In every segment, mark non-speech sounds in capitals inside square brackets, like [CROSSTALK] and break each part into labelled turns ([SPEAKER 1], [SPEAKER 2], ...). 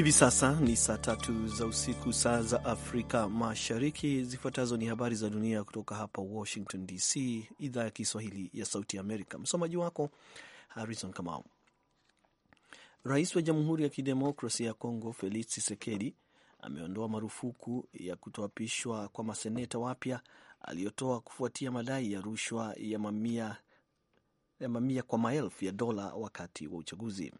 [SPEAKER 1] Hivi sasa ni saa tatu za usiku, saa za Afrika Mashariki. Zifuatazo ni habari za dunia kutoka hapa Washington DC, idhaa ya Kiswahili ya Sauti Amerika. Msomaji wako Harrison Kamau. Rais wa Jamhuri ya Kidemokrasia ya Kongo Felix Tshisekedi ameondoa marufuku ya kutoapishwa kwa maseneta wapya aliyotoa kufuatia madai ya rushwa ya mamia, ya mamia kwa maelfu ya dola wakati wa uchaguzi.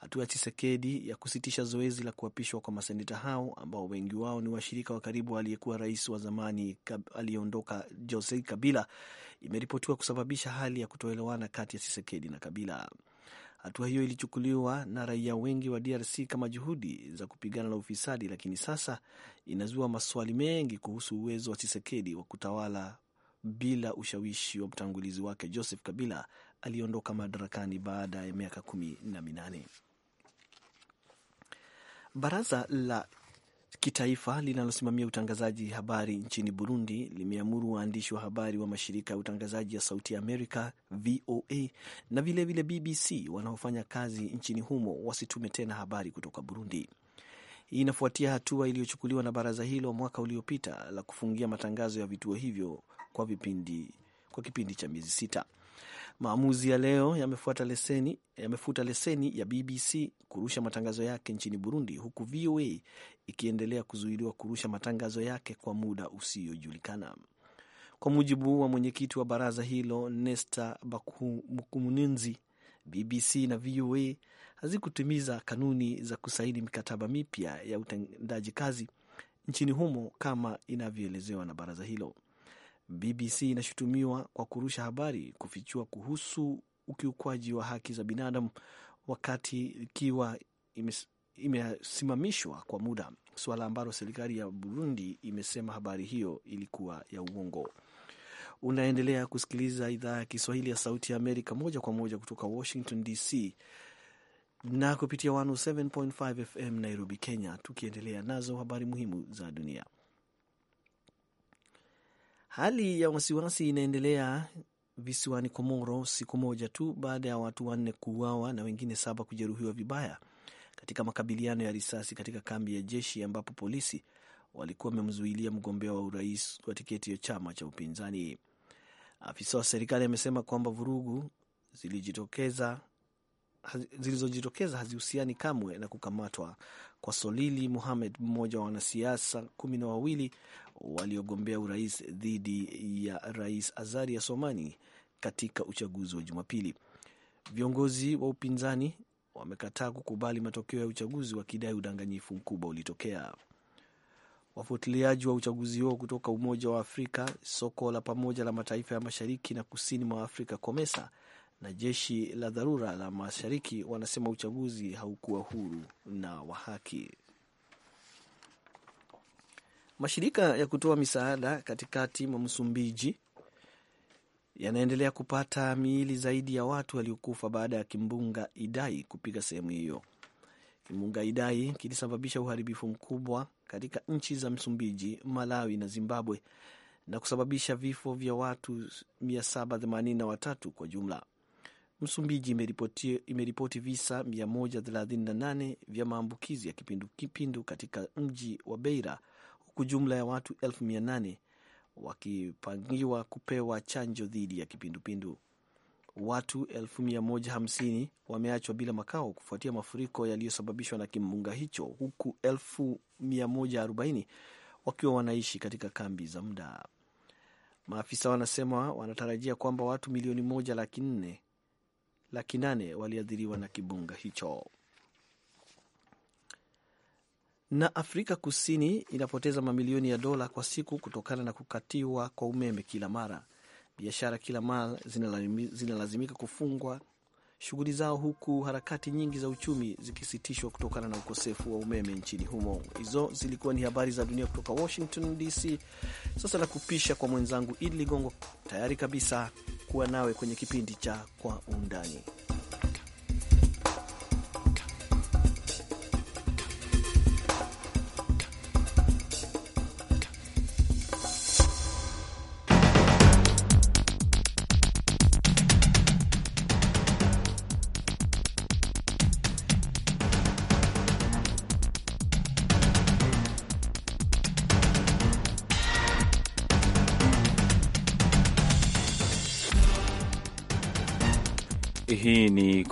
[SPEAKER 1] Hatua ya chisekedi ya kusitisha zoezi la kuapishwa kwa maseneta hao ambao wengi wao ni washirika wa karibu aliyekuwa rais wa zamani aliyeondoka jose Kabila imeripotiwa kusababisha hali ya kutoelewana kati ya chisekedi na Kabila. Hatua hiyo ilichukuliwa na raia wengi wa DRC kama juhudi za kupigana na ufisadi, lakini sasa inazua maswali mengi kuhusu uwezo wa chisekedi wa kutawala bila ushawishi wa mtangulizi wake Joseph Kabila aliyeondoka madarakani baada ya miaka kumi na minane. Baraza la kitaifa linalosimamia utangazaji habari nchini Burundi limeamuru waandishi wa habari wa mashirika ya utangazaji ya Sauti ya Amerika, VOA, na vilevile vile BBC wanaofanya kazi nchini humo wasitume tena habari kutoka Burundi. Hii inafuatia hatua iliyochukuliwa na baraza hilo mwaka uliopita la kufungia matangazo ya vituo hivyo kwa vipindi, kwa kipindi cha miezi sita. Maamuzi ya leo yamefuta leseni, yamefuta leseni ya BBC kurusha matangazo yake nchini Burundi, huku VOA ikiendelea kuzuiliwa kurusha matangazo yake kwa muda usiojulikana. Kwa mujibu wa mwenyekiti wa baraza hilo Nesta Bakumuninzi, BBC na VOA hazikutimiza kanuni za kusaini mikataba mipya ya utendaji kazi nchini humo kama inavyoelezewa na baraza hilo. BBC inashutumiwa kwa kurusha habari kufichua kuhusu ukiukwaji wa haki za binadamu wakati ikiwa imesimamishwa kwa muda, suala ambalo serikali ya Burundi imesema habari hiyo ilikuwa ya uongo. Unaendelea kusikiliza idhaa ya Kiswahili ya Sauti ya Amerika moja kwa moja kutoka Washington DC na kupitia 107.5 FM Nairobi, Kenya. Tukiendelea nazo habari muhimu za dunia Hali ya wasiwasi inaendelea visiwani Komoro siku moja tu baada ya watu wanne kuuawa na wengine saba kujeruhiwa vibaya katika makabiliano ya risasi katika kambi ya jeshi ambapo polisi walikuwa wamemzuilia mgombea wa urais wa tiketi ya chama cha upinzani. Afisa wa serikali amesema kwamba vurugu zilizojitokeza zilizojitokeza hazihusiani kamwe na kukamatwa kwa Solili Muhamed, mmoja wa wanasiasa kumi na wawili waliogombea urais dhidi ya rais azari ya Somani katika uchaguzi wa Jumapili. Viongozi wa upinzani wamekataa kukubali matokeo ya uchaguzi wakidai udanganyifu mkubwa ulitokea. Wafuatiliaji wa uchaguzi huo kutoka Umoja wa Afrika, soko la pamoja la mataifa ya mashariki na kusini mwa Afrika, COMESA, na jeshi la dharura la mashariki wanasema uchaguzi haukuwa huru na wa haki. Mashirika ya kutoa misaada katikati mwa Msumbiji yanaendelea kupata miili zaidi ya watu waliokufa baada ya kimbunga Idai kupiga sehemu hiyo. Kimbunga Idai kilisababisha uharibifu mkubwa katika nchi za Msumbiji, Malawi na Zimbabwe na kusababisha vifo vya watu 783 kwa jumla. Msumbiji imeripoti, imeripoti visa 138 vya maambukizi ya kipindukipindu katika mji wa Beira huku jumla ya watu elfu wakipangiwa kupewa chanjo dhidi ya kipindupindu. Watu 150 wameachwa bila makao kufuatia mafuriko yaliyosababishwa na kimbunga hicho, huku 140 wakiwa wanaishi katika kambi za muda. Maafisa wanasema wanatarajia kwamba watu milioni moja laki nane waliathiriwa na kibunga hicho na Afrika Kusini inapoteza mamilioni ya dola kwa siku kutokana na kukatiwa kwa umeme kila mara. Biashara kila mara zinalazimika kufungwa shughuli zao, huku harakati nyingi za uchumi zikisitishwa kutokana na ukosefu wa umeme nchini humo. Hizo zilikuwa ni habari za dunia kutoka Washington DC. Sasa nakupisha kwa mwenzangu Idi Ligongo, tayari kabisa kuwa nawe kwenye kipindi cha Kwa Undani.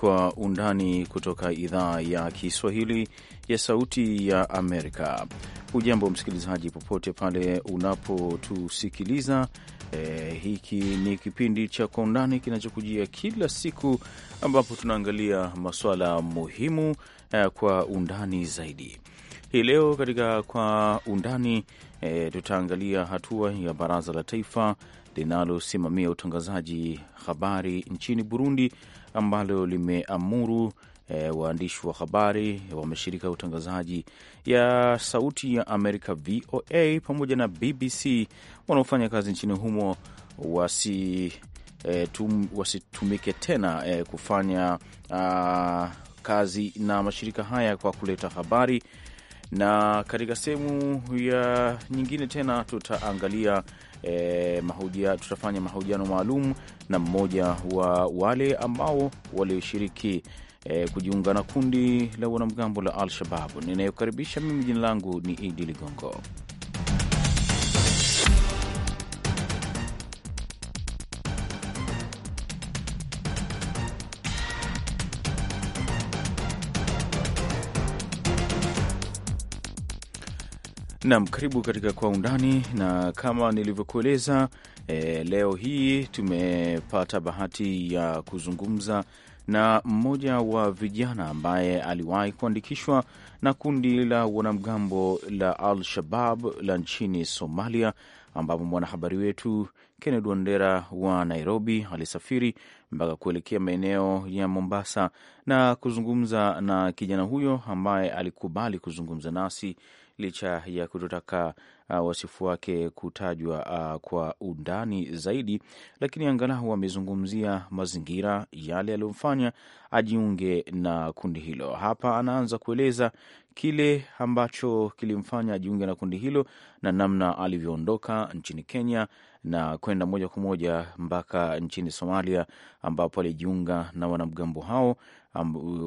[SPEAKER 2] Kwa Undani kutoka idhaa ya Kiswahili ya Sauti ya Amerika. ujambo msikilizaji, popote pale unapotusikiliza. E, hiki ni kipindi cha Kwa Undani kinachokujia kila siku, ambapo tunaangalia masuala muhimu e, kwa undani zaidi. Hii leo katika Kwa Undani e, tutaangalia hatua ya Baraza la Taifa linalosimamia utangazaji habari nchini Burundi ambalo limeamuru E, waandishi wa habari wa mashirika ya utangazaji ya Sauti ya Amerika VOA pamoja na BBC wanaofanya kazi nchini humo wasi, e, tum, wasitumike tena e, kufanya a, ah, kazi na mashirika haya kwa kuleta habari. Na katika sehemu ya nyingine tena tutaangalia e, mahujia, tutafanya mahojiano maalum na mmoja wa wale ambao walioshiriki e, kujiunga na kundi la wanamgambo la Al Shababu. Ninayokaribisha mimi, jina langu ni Idi Ligongo. Nam, karibu katika Kwa Undani, na kama nilivyokueleza e, leo hii tumepata bahati ya kuzungumza na mmoja wa vijana ambaye aliwahi kuandikishwa na kundi la wanamgambo la Al-Shabab la nchini Somalia, ambapo mwanahabari wetu Kennedy Wandera wa Nairobi alisafiri mpaka kuelekea maeneo ya Mombasa na kuzungumza na kijana huyo ambaye alikubali kuzungumza nasi licha ya kutotaka uh, wasifu wake kutajwa uh, kwa undani zaidi, lakini angalau amezungumzia mazingira yale yaliyomfanya ajiunge na kundi hilo. Hapa anaanza kueleza kile ambacho kilimfanya ajiunge na kundi hilo na namna alivyoondoka nchini Kenya na kwenda moja kwa moja mpaka nchini Somalia ambapo alijiunga na wanamgambo hao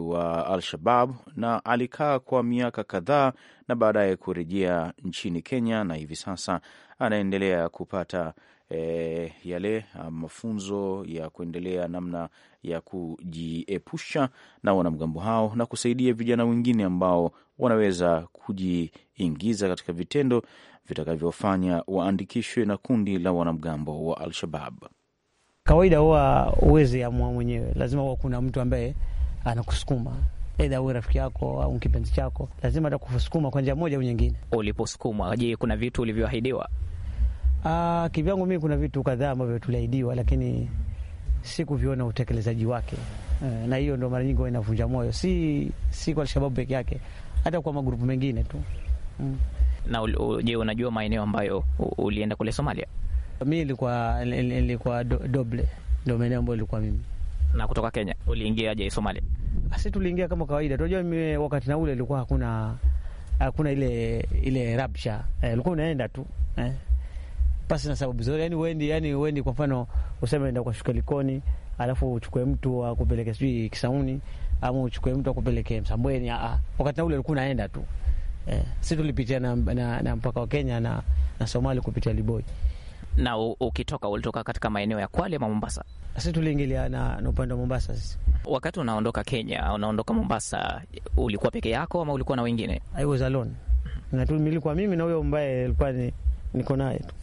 [SPEAKER 2] wa Al-Shabab na alikaa kwa miaka kadhaa na baadaye kurejea nchini Kenya na hivi sasa anaendelea kupata e, yale mafunzo ya kuendelea namna ya kujiepusha na wanamgambo hao na kusaidia vijana wengine ambao wanaweza kujiingiza katika vitendo vitakavyofanya waandikishwe na kundi la wanamgambo wa Al-Shabab. Kawaida
[SPEAKER 3] huwa uwezi amua mwenyewe, lazima huwa kuna mtu ambaye anakusukuma Aidha uwe rafiki yako au kipenzi chako, lazima atakusukuma kwa njia moja au nyingine.
[SPEAKER 4] Uliposukumwa, je, kuna vitu ulivyoahidiwa?
[SPEAKER 3] Ah, kivyangu mimi kuna vitu kadhaa ambavyo tuliahidiwa lakini sikuviona utekelezaji wake, eh, na hiyo ndo mara nyingi inavunja moyo, si si kwa Alshababu peke yake, hata kwa magrupu mengine tu mm.
[SPEAKER 4] Na je, unajua maeneo ambayo ulienda kule Somalia?
[SPEAKER 3] Mi ilikuwa ilikuwa Doble, ndo maeneo ambayo ilikuwa mimi.
[SPEAKER 4] Na kutoka Kenya uliingia je Somalia?
[SPEAKER 3] Asi ah, tuliingia kama kawaida, tunajua mimi wakati na ule ilikuwa hakuna hakuna ile ile rabsha, eh, ilikuwa eh, unaenda tu eh pasi na sababu zote. Yani uendi, yani uendi, kwa mfano useme enda ukashuka Likoni alafu uchukue mtu akupeleke sijui Kisauni ama uchukue mtu akupeleke Msambweni. Wakati ule ulikuwa unaenda tu eh. Sisi tulipitia na, na, na mpaka wa Kenya na, na Somali kupitia Liboi
[SPEAKER 4] na ukitoka ulitoka katika maeneo ya Kwale ama Mombasa? Sisi tuliingilia na, na upande wa Mombasa. Sisi wakati unaondoka Kenya, unaondoka Mombasa, ulikuwa peke yako ama ulikuwa na wengine?
[SPEAKER 3] I was alone na tu nilikuwa mimi na huyo ambaye ni, niko naye tu.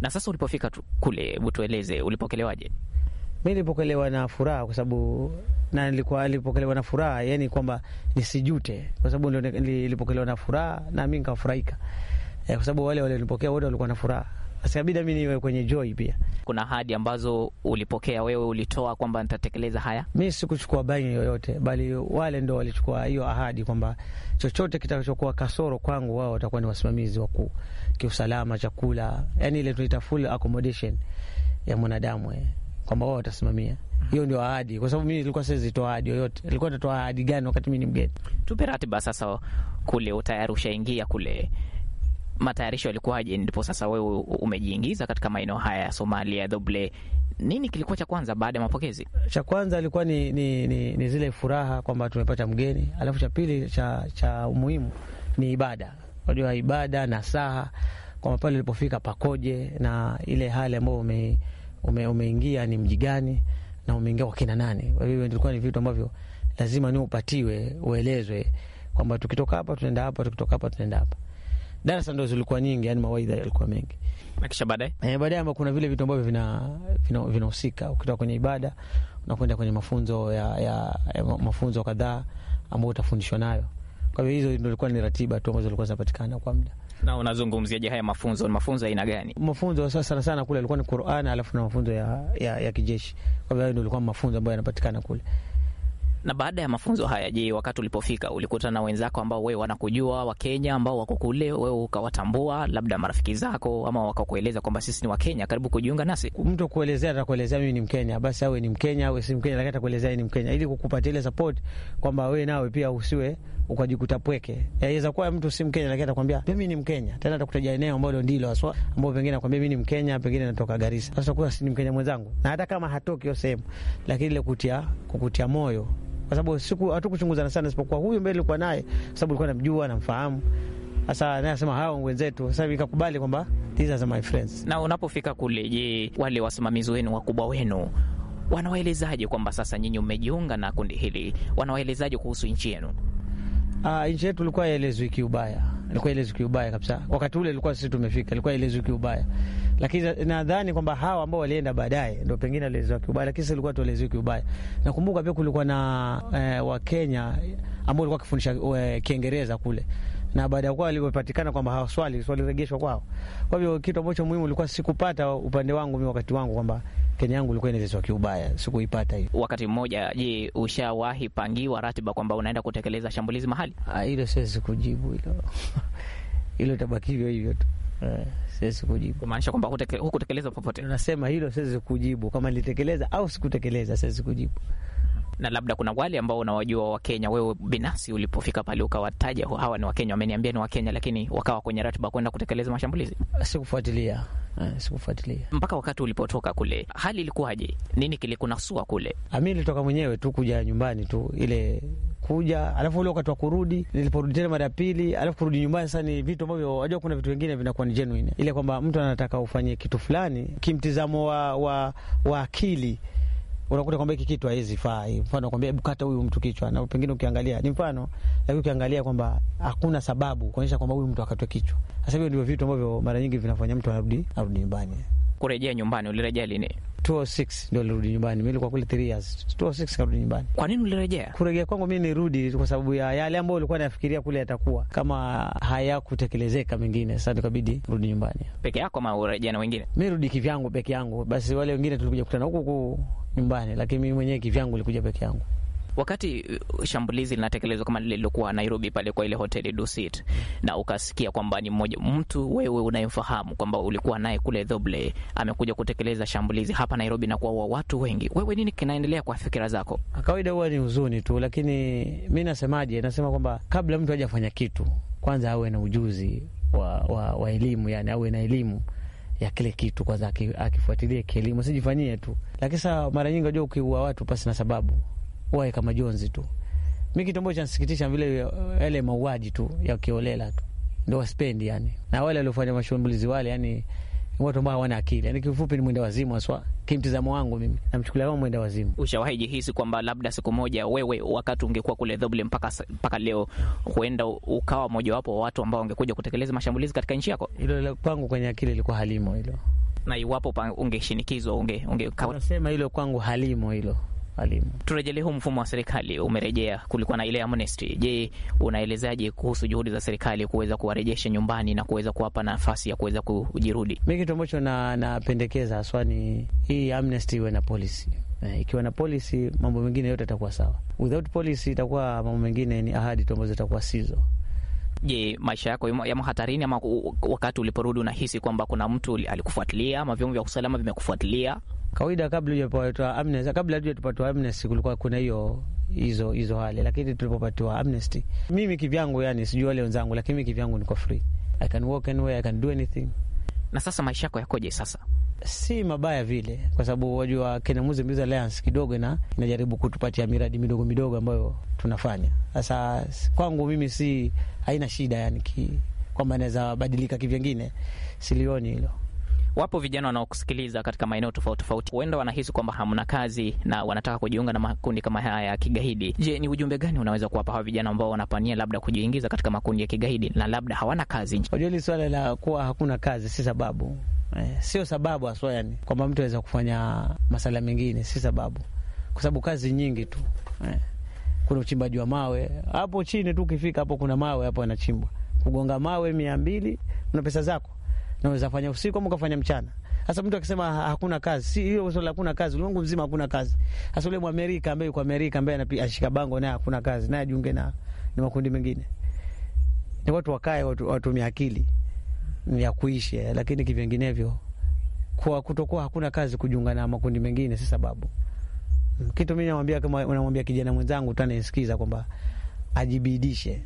[SPEAKER 4] Na sasa ulipofika kule, utueleze ulipokelewaje?
[SPEAKER 3] Mi nilipokelewa na furaha kwa sababu na nilikuwa nilipokelewa na furaha, yani kwamba nisijute, kwa sababu nilipokelewa na furaha na mi nikafurahika, eh, kwa sababu wale walionipokea wote walikuwa na furaha asikabida mi niwe kwenye joy pia.
[SPEAKER 4] Kuna ahadi ambazo ulipokea wewe, ulitoa kwamba nitatekeleza haya.
[SPEAKER 3] Mi sikuchukua baini yoyote, bali wale ndo walichukua hiyo ahadi kwamba chochote kitakachokuwa kasoro kwangu, wao watakuwa ni wasimamizi wa kiusalama, chakula, yani ile tunaita full accommodation ya mwanadamu eh, kwamba wao watasimamia
[SPEAKER 4] hiyo ndio ahadi, kwa sababu mi nilikuwa siwezi toa ahadi yoyote. Nilikuwa natoa ahadi gani wakati mi ni mgeni? Tupe ratiba sasa, kule utayari ushaingia kule matayarisho yalikuwaje ndipo sasa wewe umejiingiza katika maeneo haya ya Somalia, doble Nini kilikuwa cha kwanza baada ya mapokezi?
[SPEAKER 3] Cha kwanza ilikuwa ni, ni, ni, ni zile furaha kwamba tumepata mgeni, alafu cha pili cha, cha umuhimu ni ibada, unajua ibada na saha kwamba pale ulipofika pakoje na ile hali ambayo ume, ume, umeingia ni mji gani na umeingia kwa kina nani. Kwa hivyo ilikuwa ni vitu ambavyo lazima ni upatiwe uelezwe kwamba tukitoka hapa tunaenda hapa, tukitoka hapa tunaenda hapa darasa ndo zilikuwa nyingi, yani mawaidha yalikuwa mengi na kisha baadaye e, baadaye ambao kuna vile vitu ambavyo vinahusika vina, ukitoka kwenye ibada unakwenda kwenye mafunzo ya, ya, ya mafunzo kadhaa ambayo utafundishwa nayo. Kwa hivyo hizo ndo ilikuwa ni ratiba tu ambazo zilikuwa zinapatikana kwa muda.
[SPEAKER 4] Na unazungumziaje haya mafunzo? Ni mafunzo aina gani?
[SPEAKER 3] Mafunzo sasa sana sana kule alikuwa ni Qur'an, alafu na mafunzo ya, ya, ya kijeshi. Kwa hivyo ndo ilikuwa mafunzo ambayo yanapatikana kule.
[SPEAKER 4] Na baada ya mafunzo haya, je, wakati ulipofika ulikutana na wenzako ambao wewe wanakujua Wakenya ambao wako kule, wewe ukawatambua, labda marafiki zako, ama wakakueleza kwamba sisi ni Wakenya, karibu kujiunga nasi?
[SPEAKER 3] Mtu kuelezea, atakuelezea mimi ni Mkenya, basi awe ni Mkenya awe si Mkenya, lakini atakuelezea ni Mkenya ili kukupatia ile support kwamba wewe nawe pia usiwe ukajikuta pweke. Yaweza kuwa mtu si Mkenya, lakini atakwambia mimi ni Mkenya, tena atakutaja eneo ambalo ndilo haswa, ambao pengine anakwambia mimi ni Mkenya, pengine natoka Garissa. Sasa kuwa si ni Mkenya mwenzangu, na hata kama hatoki hiyo sehemu, lakini ile kutia kukutia moyo, kwa sababu siku hatukuchunguzana sana, isipokuwa huyu mbele nilikuwa naye, kwa sababu nilikuwa namjua, namfahamu sasa naye asema hawa wenzetu sasa ikakubali kwamba these are my friends.
[SPEAKER 4] Na unapofika kule, je, wale wasimamizi wenu wakubwa wenu wanawaelezaje kwamba sasa nyinyi mmejiunga na kundi hili? Wanawaelezaje kuhusu nchi yenu?
[SPEAKER 3] Uh, nchi yetu ilikuwa ielezwi kiubaya, ilikuwa ielezwi kiubaya kabisa. Wakati ule ilikuwa sisi tumefika, ilikuwa ielezwi kiubaya, lakini nadhani kwamba hawa ambao walienda baadaye ndio pengine walielezwa kiubaya, lakini sisi ilikuwa tuelezwi kiubaya. Nakumbuka pia kulikuwa na eh, Wakenya ambao walikuwa wakifundisha eh, Kiingereza kule na baada ya kuwa walivyopatikana kwamba hawaswali walirejeshwa kwao. Kwa hivyo kitu ambacho muhimu ulikuwa sikupata upande wangu mi wakati wangu kwamba Kenya yangu ilikuwa inachezwa kiubaya, sikuipata hiyo.
[SPEAKER 4] Wakati mmoja, je, ushawahi pangiwa ratiba kwamba unaenda kutekeleza shambulizi mahali?
[SPEAKER 3] Ah, hilo siwezi kujibu hilo [LAUGHS] hilo, itabaki hivyo hivyo tu. Eh, siwezi kujibu kumaanisha kwamba hukutekeleza popote. Nasema hilo siwezi kujibu, kama nilitekeleza au sikutekeleza, siwezi kujibu
[SPEAKER 4] na labda kuna wale ambao unawajua Wakenya, wewe binafsi ulipofika pale ukawataja hawa ni Wakenya, wameniambia ni Wakenya, lakini wakawa kwenye ratiba kwenda kutekeleza mashambulizi?
[SPEAKER 3] Sikufuatilia, eh, sikufuatilia.
[SPEAKER 4] Mpaka wakati ulipotoka kule, hali ilikuwaje? Nini kilikunasua kule?
[SPEAKER 3] Ah, Mi nilitoka mwenyewe tu kuja nyumbani tu ile kuja alafu ule wakati wa kurudi, niliporudi tena mara ya pili, alafu kurudi nyumbani. Sasa ni vitu ambavyo wajua, kuna vitu vingine vinakuwa ni genuine, ile kwamba mtu anataka ufanye kitu fulani kimtizamo wa, wa, wa akili unakuta kwamba hiki kitu haizi haizifai, mfano kwamba hebu kata huyu mtu kichwa, na pengine ukiangalia ni mfano, lakini ukiangalia kwamba hakuna sababu kuonyesha kwamba huyu mtu akatwe kichwa. Sasa hivyo ndivyo vitu ambavyo mara nyingi vinafanya mtu arudi arudi nyumbani.
[SPEAKER 4] Kurejea nyumbani, ulirejea lini?
[SPEAKER 3] 2006 ndio nilirudi nyumbani. Mimi nilikuwa kule 3 years. 2006 karudi nyumbani. Kwa nini ulirejea? Kurejea kwangu mimi nirudi kwa sababu ya yale ambayo ulikuwa nafikiria kule yatakuwa kama hayakutekelezeka mengine. Sasa nikabidi rudi nyumbani.
[SPEAKER 4] Peke yako ama urejea na wengine?
[SPEAKER 3] Mimi rudi kivyangu peke yangu. Basi wale wengine tulikuja kukutana huko nyumbani, lakini mimi mwenyewe kivyangu nilikuja peke yangu.
[SPEAKER 4] Wakati uh, shambulizi linatekelezwa kama lililokuwa Nairobi pale kwa ile hoteli Dusit, na ukasikia kwamba ni mmoja mtu wewe unayemfahamu kwamba ulikuwa naye kule Dhoble amekuja kutekeleza shambulizi hapa Nairobi na kuwaua watu wengi, wewe nini kinaendelea kwa fikira zako?
[SPEAKER 3] Kawaida huwa ni huzuni tu, lakini mi nasemaje, nasema kwamba kabla mtu hajafanya kitu, kwanza awe na ujuzi wa, wa, wa elimu, yani awe na elimu ya kile kitu kwanza akifuatilia kielimu, sijifanyie tu. Lakini saa mara nyingi wajua ukiua watu pasi na sababu wae kama jonzi tu. Mi kitu ambacho chansikitisha vile eh, yale mauaji tu ya kiolela tu ndo waspendi yani, na wale waliofanya mashambulizi wale yani watu ambao hawana akili, yaani kifupi ni mwenda wazimu haswa. Kimtizamo wangu mimi namchukulia kama
[SPEAKER 4] mwenda wazimu. Ushawahi jihisi kwamba labda siku moja wewe, wakati ungekuwa kule Dhoble mpaka, mpaka leo, huenda ukawa mojawapo wa watu ambao wangekuja kutekeleza mashambulizi katika nchi yako? Hilo kwangu
[SPEAKER 3] kwenye akili ilikuwa halimo hilo,
[SPEAKER 4] na iwapo ungeshinikizwa unge, unge, unasema hilo kwangu halimo hilo walimu. Turejelee huu mfumo wa serikali umerejea, kulikuwa na ile amnesty. Je, unaelezaje kuhusu juhudi za serikali kuweza kuwarejesha nyumbani na kuweza kuwapa nafasi ya kuweza kujirudi?
[SPEAKER 3] Mi kitu ambacho napendekeza na haswa ni hii amnesty iwe na policy eh, ikiwa na polisi mambo mengine yote yatakuwa sawa. Without polisi, itakuwa mambo mengine ni ahadi tu ambazo zitakuwa sizo.
[SPEAKER 4] Je, maisha yako yamo hatarini ama wakati uliporudi unahisi kwamba kuna mtu alikufuatilia ama vyombo vya usalama vimekufuatilia?
[SPEAKER 3] Kawaida kabla hujapatiwa amnesty, kabla hatuja amnesty, kulikuwa kuna hiyo hizo hizo hali, lakini tulipopatiwa amnesty, mimi kivyangu, yani sijui wale wenzangu, lakini mimi kivyangu niko free, I can walk anywhere, I can do anything.
[SPEAKER 4] Na sasa maisha yako yakoje sasa?
[SPEAKER 3] si mabaya vile, kwa sababu wajua Kenya Alliance kidogo ina, inajaribu kutupatia miradi midogo midogo ambayo tunafanya sasa. Kwangu mimi si haina shida yani kwamba naweza badilika kivyengine, silioni hilo.
[SPEAKER 4] Wapo vijana wanaokusikiliza katika maeneo tofauti tofauti, huenda wanahisi kwamba hamna kazi na wanataka kujiunga na makundi kama haya ya kigaidi. Je, ni ujumbe gani unaweza kuwapa hawa vijana ambao wanapania labda kujiingiza katika makundi ya kigaidi na labda hawana kazi? Unajua, hili swala la kuwa hakuna kazi
[SPEAKER 3] si sababu eh, sio sababu haswa, yani kwamba mtu aweza kufanya masala mengine, si sababu, kwa sababu kazi nyingi tu eh. Kuna uchimbaji wa mawe hapo chini tu, ukifika hapo kuna mawe hapo yanachimbwa, kugonga mawe mia mbili, una pesa zako, naweza fanya usiku ama ukafanya mchana. Sasa mtu akisema hakuna kazi, si hiyo swala, hakuna kazi, ulimwengu mzima hakuna kazi. Hasa ule Mwamerika ambaye yuko Amerika ambaye anashika bango naye hakuna kazi, naye ajiunge na, na makundi mengine. Ni watu wakae, watu watumie akili ya kuishi, eh, lakini kivinginevyo kwa kutokuwa hakuna kazi kujiunga na makundi mengine si sababu. Mm, kitu mimi namwambia kama unamwambia kijana mwenzangu tanaesikiza kwamba ajibidishe,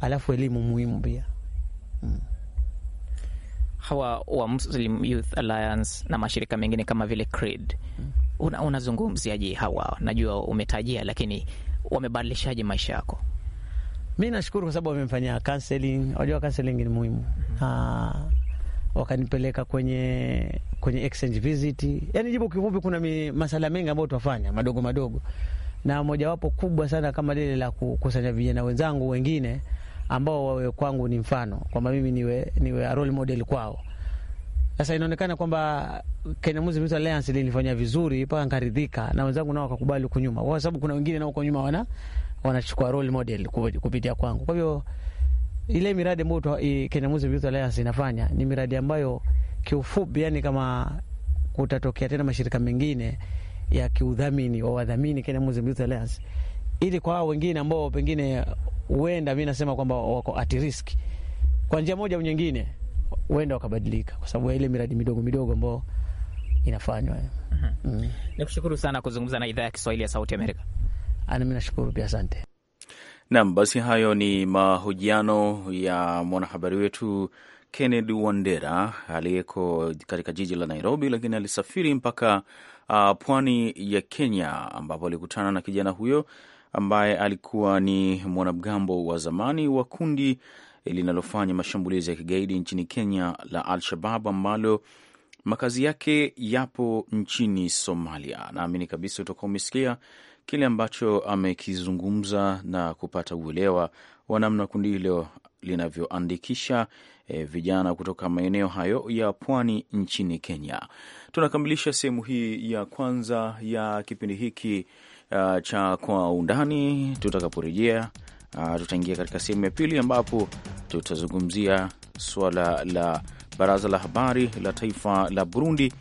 [SPEAKER 3] alafu elimu muhimu pia mm.
[SPEAKER 4] Hawa wa Muslim Youth Alliance na mashirika mengine kama vile CRED mm. unazungumziaje? Una hawa najua umetajia, lakini wamebadilishaje maisha yako?
[SPEAKER 3] Mi nashukuru kwa sababu wamemfanyia counseling. Wajua counseling ni muhimu. mm -hmm. Wakanipeleka kwenye kwenye exchange visit, yani jibu kifupi, kuna masala mengi ambayo tuwafanya madogo madogo, na mojawapo kubwa sana kama lile la kukusanya vijana wenzangu wengine ambao wawe kwangu ni mfano kwamba mimi niwe, niwe role model kwao. Sasa inaonekana kwamba Kenya Muslim Youth Alliance linifanya vizuri mpaka nikaridhika, na wenzangu nao wakakubali huko nyuma, kwa sababu kuna wengine nao huko nyuma wana wanachukua role model kupitia kwangu. Kwa hivyo ile miradi ambayo Kenya Muslim Youth Alliance inafanya ni miradi ambayo kiufupi, yani kama kutatokea tena mashirika mengine ya kiudhamini wa wadhamini Kenya Muslim Youth Alliance, ili kwa wengine ambao pengine huenda mi nasema kwamba wako at risk kwa njia moja au nyingine, huenda wakabadilika kwa sababu ya ile miradi midogo midogo ambayo inafanywa.
[SPEAKER 4] Mm-hmm. mm. Nikushukuru sana kuzungumza na idhaa ya Kiswahili ya Sauti Amerika.
[SPEAKER 2] Nami nashukuru pia, asante. Naam, basi hayo ni mahojiano ya mwanahabari wetu Kennedy Wandera aliyeko katika jiji la Nairobi, lakini alisafiri mpaka uh, pwani ya Kenya ambapo alikutana na kijana huyo ambaye alikuwa ni mwanamgambo wa zamani wa kundi linalofanya mashambulizi ya kigaidi nchini Kenya la Al-Shabab ambalo makazi yake yapo nchini Somalia. Naamini kabisa utakuwa umesikia kile ambacho amekizungumza na kupata uelewa wa namna kundi hilo linavyoandikisha e, vijana kutoka maeneo hayo ya pwani nchini Kenya. Tunakamilisha sehemu hii ya kwanza ya kipindi hiki uh, cha Kwa Undani. Tutakaporejea uh, tutaingia katika sehemu ya pili ambapo tutazungumzia suala la baraza la habari la taifa la Burundi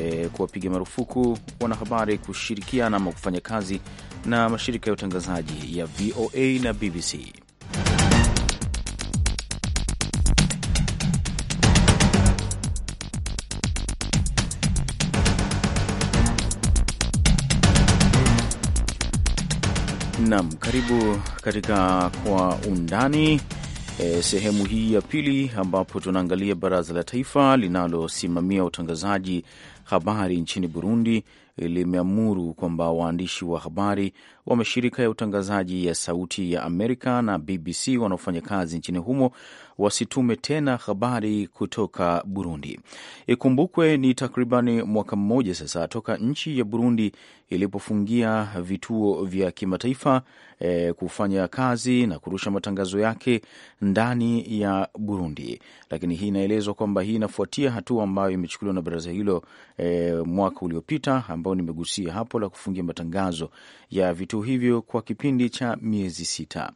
[SPEAKER 2] e, kuwapiga marufuku wanahabari kushirikiana ama kufanya kazi na mashirika ya utangazaji ya VOA na BBC. Nam, karibu katika Kwa Undani e, sehemu hii ya pili ambapo tunaangalia baraza la taifa linalosimamia utangazaji habari nchini Burundi limeamuru kwamba waandishi wa habari wa mashirika ya utangazaji ya Sauti ya Amerika na BBC wanaofanya kazi nchini humo wasitume tena habari kutoka Burundi. Ikumbukwe ni takribani mwaka mmoja sasa toka nchi ya Burundi ilipofungia vituo vya kimataifa e, kufanya kazi na kurusha matangazo yake ndani ya Burundi, lakini hii inaelezwa kwamba hii inafuatia hatua ambayo imechukuliwa na baraza hilo e, mwaka uliopita ambao nimegusia hapo, la kufungia matangazo ya vituo hivyo kwa kipindi cha miezi sita.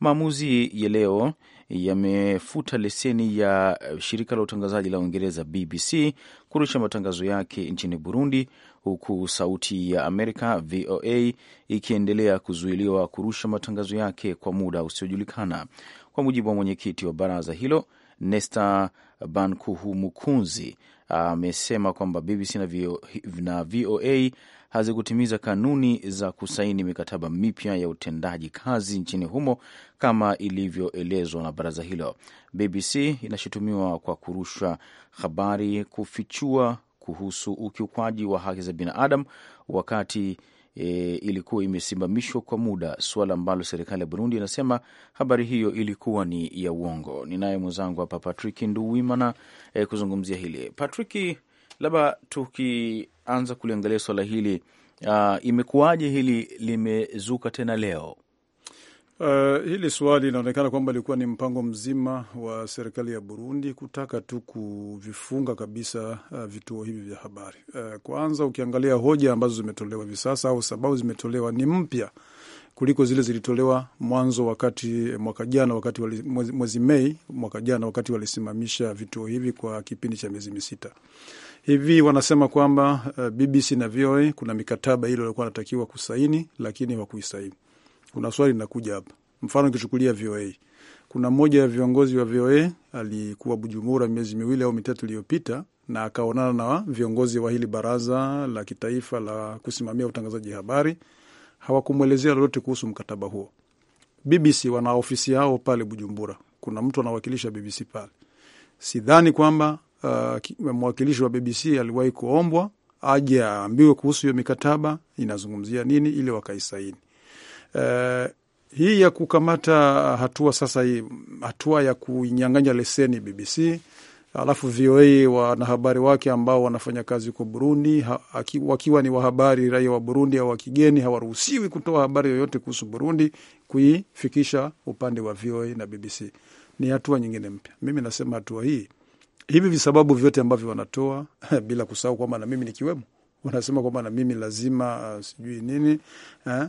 [SPEAKER 2] Maamuzi ya leo yamefuta leseni ya shirika la utangazaji la Uingereza BBC kurusha matangazo yake nchini Burundi, huku Sauti ya Amerika VOA ikiendelea kuzuiliwa kurusha matangazo yake kwa muda usiojulikana, kwa mujibu wa mwenyekiti wa baraza hilo Nesta Bankuhumukunzi amesema uh, kwamba BBC na, VO, na VOA hazikutimiza kanuni za kusaini mikataba mipya ya utendaji kazi nchini humo kama ilivyoelezwa na baraza hilo. BBC inashutumiwa kwa kurusha habari kufichua kuhusu ukiukwaji wa haki za binadamu wakati e, ilikuwa imesimamishwa kwa muda, suala ambalo serikali ya Burundi inasema habari hiyo ilikuwa ni ya uongo. Ninaye mwenzangu hapa Patrick Nduwimana e, kuzungumzia hili. Patrick, labda tukianza kuliangalia suala hili, imekuwaje hili limezuka tena leo?
[SPEAKER 5] Uh, hili swali linaonekana kwamba ilikuwa ni mpango mzima wa serikali ya Burundi kutaka tu kuvifunga kabisa uh, vituo hivi vya habari. Uh, kwanza ukiangalia hoja ambazo zimetolewa hivi sasa au sababu zimetolewa ni mpya kuliko zile zilitolewa mwanzo wakati eh, mwaka jana wakati wali, mwezi Mei mwaka jana wakati walisimamisha vituo hivi kwa kipindi cha miezi misita hivi. Wanasema kwamba uh, BBC na VOA kuna mikataba ile walikuwa wanatakiwa kusaini, lakini hawakuisaini kuna swali linakuja hapa. Mfano kichukulia VOA, kuna mmoja ya viongozi wa VOA alikuwa Bujumbura miezi miwili au mitatu iliyopita, na akaonana na viongozi wa hili baraza la kitaifa la kusimamia utangazaji habari. Hawakumwelezea lolote kuhusu mkataba huo. BBC wana ofisi yao pale Bujumbura, kuna mtu anawakilisha BBC pale. Sidhani kwamba uh, mwakilishi wa BBC aliwahi kuombwa aje aambiwe kuhusu hiyo mikataba inazungumzia nini ili wakaisaini. Uh, hii ya kukamata hatua sasa, hii hatua ya kuinyang'anya leseni BBC alafu VOA wanahabari wake ambao wanafanya kazi huko Burundi ha, wakiwa ni wahabari raia wa Burundi au wa kigeni hawaruhusiwi kutoa habari yoyote kuhusu Burundi kuifikisha upande wa VOA na BBC. Ni hatua nyingine mpya. Mimi nasema hatua hii, hivi visababu vyote ambavyo wanatoa [LAUGHS] bila kusahau kwamba na mimi nikiwemo, wanasema kwamba na mimi lazima, uh, sijui nini, uh,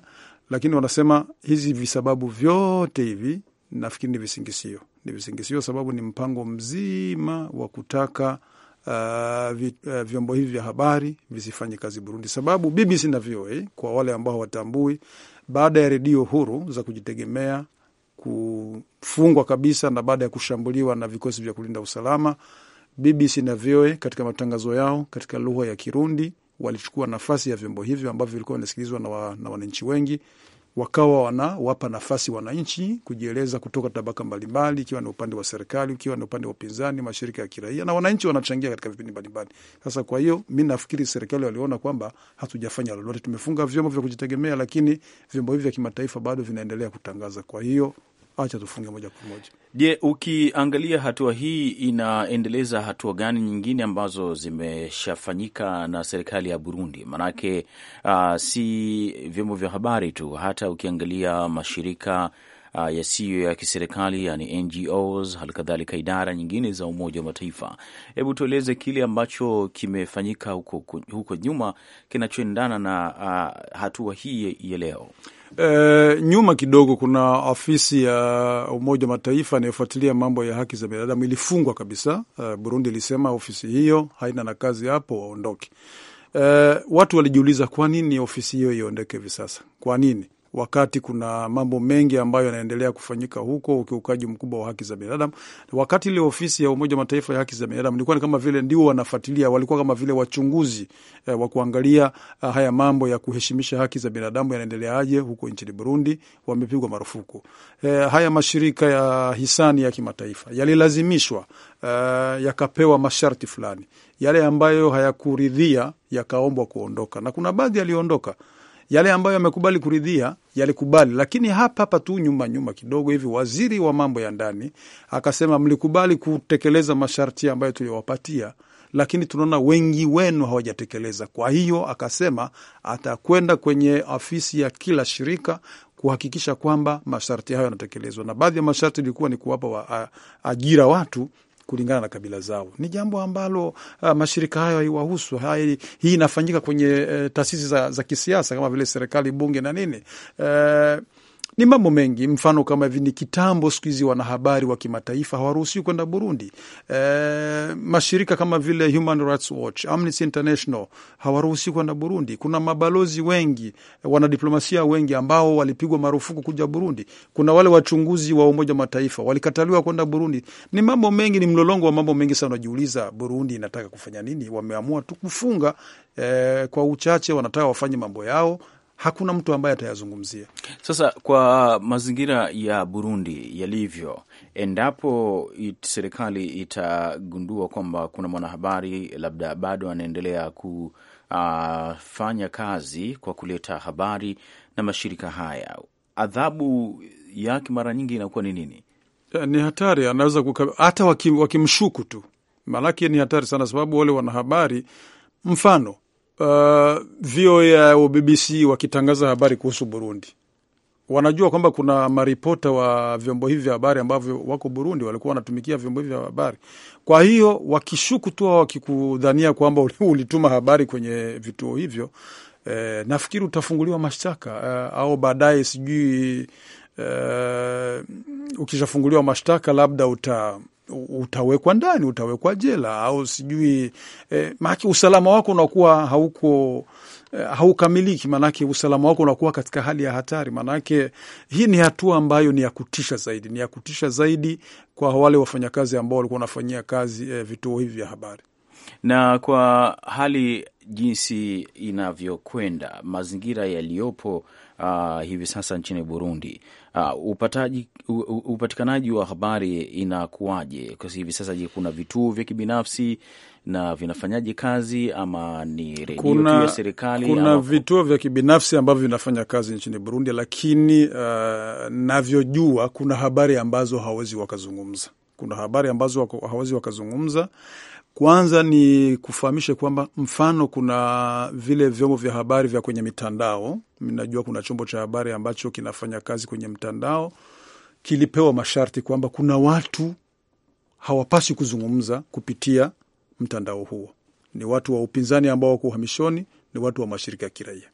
[SPEAKER 5] lakini wanasema hizi visababu vyote hivi nafikiri ni visingisio, ni visingisio sababu ni mpango mzima wa kutaka uh, vi, uh, vyombo hivi vya habari visifanye kazi Burundi, sababu BBC na VOA, kwa wale ambao hawatambui, baada ya redio huru za kujitegemea kufungwa kabisa na baada ya kushambuliwa na vikosi vya kulinda usalama, BBC na VOA katika matangazo yao katika lugha ya Kirundi walichukua nafasi ya vyombo hivyo ambavyo vilikuwa vinasikilizwa na, wa, na wananchi wengi wakawa wanawapa nafasi wananchi kujieleza kutoka tabaka mbalimbali, ikiwa ni upande wa serikali, ikiwa ni upande wa upinzani, mashirika ya kiraia, na wananchi wanachangia katika vipindi mbalimbali. Sasa kwa hiyo mi nafikiri serikali waliona kwamba hatujafanya lolote, tumefunga vyombo vya kujitegemea, lakini vyombo hivi vya kimataifa bado vinaendelea kutangaza. Kwa hiyo acha tufunge moja kwa moja.
[SPEAKER 2] Je, ukiangalia hatua hii inaendeleza hatua gani nyingine ambazo zimeshafanyika na serikali ya Burundi? Maanake uh, si vyombo vya habari tu, hata ukiangalia mashirika Uh, yasiyo ya kiserikali yani NGOs, halikadhalika idara nyingine za Umoja wa Mataifa. Hebu tueleze kile ambacho kimefanyika huko, huko nyuma kinachoendana na uh, hatua hii ya leo.
[SPEAKER 5] E, nyuma kidogo kuna ofisi ya Umoja wa Mataifa inayofuatilia mambo ya haki za binadamu ilifungwa kabisa. E, Burundi ilisema ofisi hiyo haina na kazi hapo, waondoke. E, watu walijiuliza kwa nini ofisi hiyo iondoke hivi sasa, kwa nini? wakati kuna mambo mengi ambayo yanaendelea kufanyika huko, ukiukaji mkubwa wa haki za binadamu. Wakati ile ofisi ya Umoja Mataifa ya haki za binadamu ilikuwa ni kama vile ndio wanafuatilia, walikuwa kama vile wachunguzi eh, wa kuangalia ah, haya mambo ya kuheshimisha haki za binadamu yanaendeleaje huko nchini Burundi, wamepigwa marufuku. Eh, haya mashirika ya hisani ya kimataifa yalilazimishwa Uh, yakapewa masharti fulani, yale ambayo hayakuridhia yakaombwa kuondoka, na kuna baadhi yaliondoka yale ambayo yamekubali kuridhia yalikubali, lakini hapa hapa tu nyuma nyuma kidogo hivi, waziri wa mambo ya ndani akasema mlikubali kutekeleza masharti ambayo tuliwapatia, lakini tunaona wengi wenu hawajatekeleza. Kwa hiyo akasema atakwenda kwenye afisi ya kila shirika kuhakikisha kwamba masharti hayo yanatekelezwa, na baadhi ya masharti ilikuwa ni kuwapa wa ajira watu kulingana na kabila zao. Ni jambo ambalo uh, mashirika hayo haiwahusu. Hai, hii inafanyika kwenye uh, taasisi za, za kisiasa kama vile serikali, bunge na nini uh, ni mambo mengi, mfano kama hivi ni kitambo, siku hizi wanahabari wa kimataifa hawaruhusiwi kwenda Burundi. E, mashirika kama vile Human Rights Watch, Amnesty International hawaruhusiwi kwenda Burundi. Kuna mabalozi wengi, wanadiplomasia wengi ambao walipigwa marufuku kuja Burundi. Kuna wale wachunguzi wa Umoja wa Mataifa walikataliwa kwenda Burundi. Ni mambo mengi, ni mlolongo wa mambo mengi sana. Unajiuliza, Burundi inataka kufanya nini? Wameamua tu kufunga e, kwa uchache, wanataka wafanye mambo yao hakuna mtu ambaye atayazungumzia.
[SPEAKER 2] Sasa kwa mazingira ya Burundi yalivyo, endapo it, serikali itagundua kwamba kuna mwanahabari labda bado anaendelea kufanya ah, kazi kwa kuleta habari na mashirika haya, adhabu yake mara nyingi inakuwa ni
[SPEAKER 5] nini? Ni hatari, anaweza hata wakimshuku waki tu, maanake ni hatari sana, sababu wale wanahabari mfano uh, VOA au BBC wakitangaza habari kuhusu Burundi wanajua kwamba kuna maripota wa vyombo hivi vya habari ambavyo wako Burundi, walikuwa wanatumikia vyombo hivi vya habari. Kwa hiyo wakishuku tu au wakikudhania kwamba ulituma habari kwenye vituo hivyo, eh, nafikiri utafunguliwa mashtaka eh, au baadaye sijui eh, ukishafunguliwa mashtaka labda uta utawekwa ndani, utawekwa jela au sijui eh, maanake usalama wako unakuwa hauko eh, haukamiliki maanake usalama wako unakuwa katika hali ya hatari. Maanake hii ni hatua ambayo ni ya kutisha zaidi, ni ya kutisha zaidi kwa wale wafanyakazi ambao walikuwa wanafanyia kazi eh, vituo hivi vya habari.
[SPEAKER 2] Na kwa hali jinsi inavyokwenda, mazingira yaliyopo uh, hivi sasa nchini Burundi uh, upataji, upatikanaji wa habari inakuwaje kwa hivi sasa? Je, kuna vituo vya kibinafsi na vinafanyaje kazi ama ni redio ya serikali? Kuna ama...
[SPEAKER 5] vituo vya kibinafsi ambavyo vinafanya kazi nchini Burundi, lakini uh, navyojua kuna habari ambazo hawezi wakazungumza, kuna habari ambazo hawezi wakazungumza kwanza ni kufahamishe kwamba mfano, kuna vile vyombo vya habari vya kwenye mitandao. Minajua kuna chombo cha habari ambacho kinafanya kazi kwenye mtandao kilipewa masharti kwamba kuna watu hawapaswi kuzungumza kupitia mtandao huo. Ni watu wa upinzani ambao wako uhamishoni, ni watu wa mashirika ya kiraia.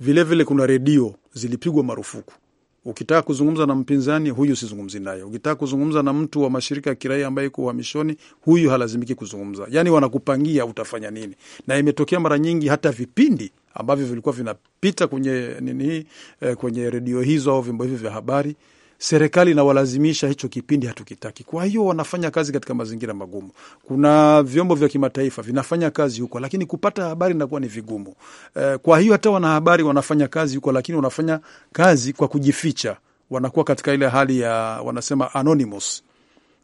[SPEAKER 5] Vilevile kuna redio zilipigwa marufuku Ukitaka kuzungumza na mpinzani huyu sizungumzi naye. Ukitaka kuzungumza na mtu wa mashirika ya kiraia ambaye iko uhamishoni huyu halazimiki kuzungumza. Yani wanakupangia utafanya nini, na imetokea mara nyingi hata vipindi ambavyo vilikuwa vinapita kwenye nini eh, kwenye redio hizo au vyombo hivyo vya habari serikali inawalazimisha hicho kipindi hatukitaki. Kwa hiyo wanafanya kazi katika mazingira magumu. Kuna vyombo vya kimataifa vinafanya kazi huko, lakini kupata habari inakuwa ni vigumu. Eh, kwa hiyo hata wanahabari wanafanya kazi huko, lakini wanafanya kazi kwa kujificha, wanakuwa katika ile hali ya wanasema anonymous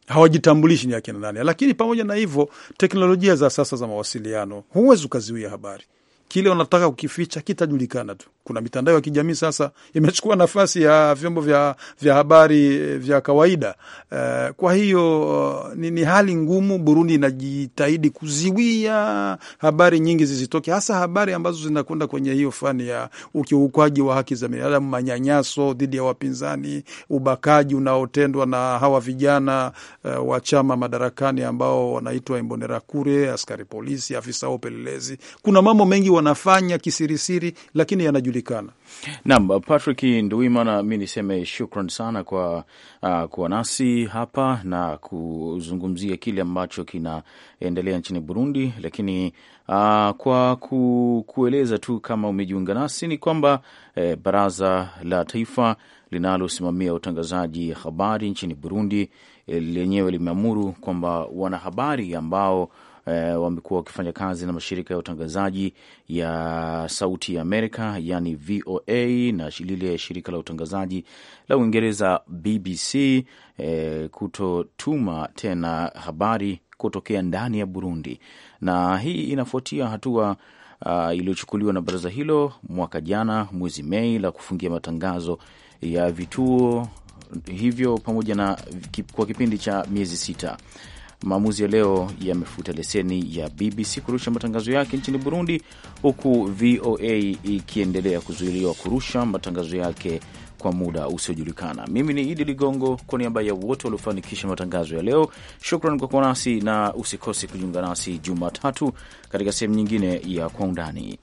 [SPEAKER 5] hawajitambulishi ni akina nani. Lakini pamoja na hivyo, teknolojia za sasa za mawasiliano, huwezi ukaziwia habari kile wanataka kukificha kitajulikana tu. Kuna mitandao ya kijamii sasa imechukua nafasi ya vyombo vya, vya habari eh, vya kawaida. Uh, kwa hiyo eh, ni, ni hali ngumu. Burundi inajitahidi kuziwia habari nyingi zisitoke, hasa habari ambazo zinakwenda kwenye hiyo fani ya ukiukwaji wa haki za binadamu, manyanyaso dhidi ya wapinzani, ubakaji unaotendwa na hawa vijana uh, wa chama madarakani ambao wanaitwa Imbonerakure, askari polisi, afisa wa upelelezi. Kuna mambo mengi wanafanya kisirisiri, lakini yanajulikana.
[SPEAKER 2] Naam, Patrick Nduimana, mi niseme shukran sana kwa uh, kuwa nasi hapa na kuzungumzia kile ambacho kinaendelea nchini Burundi, lakini uh, kwa ku, kueleza tu kama umejiunga nasi ni kwamba eh, baraza la taifa linalosimamia utangazaji habari nchini Burundi eh, lenyewe limeamuru kwamba wanahabari ambao eh, wamekuwa wakifanya kazi na mashirika ya utangazaji ya Sauti ya Amerika yani VOA na lile shirika la utangazaji la Uingereza BBC eh, kutotuma tena habari kutokea ndani ya Burundi, na hii inafuatia hatua uh, iliyochukuliwa na baraza hilo mwaka jana mwezi Mei la kufungia matangazo ya vituo hivyo pamoja na kwa kipindi cha miezi sita. Maamuzi ya leo yamefuta leseni ya BBC kurusha matangazo yake nchini Burundi, huku VOA ikiendelea kuzuiliwa kurusha matangazo yake kwa muda usiojulikana. Mimi ni Idi Ligongo, kwa niaba ya wote waliofanikisha matangazo ya leo, shukran kwa kuwa nasi na usikose kujiunga nasi Jumatatu katika sehemu nyingine ya Kwa Undani.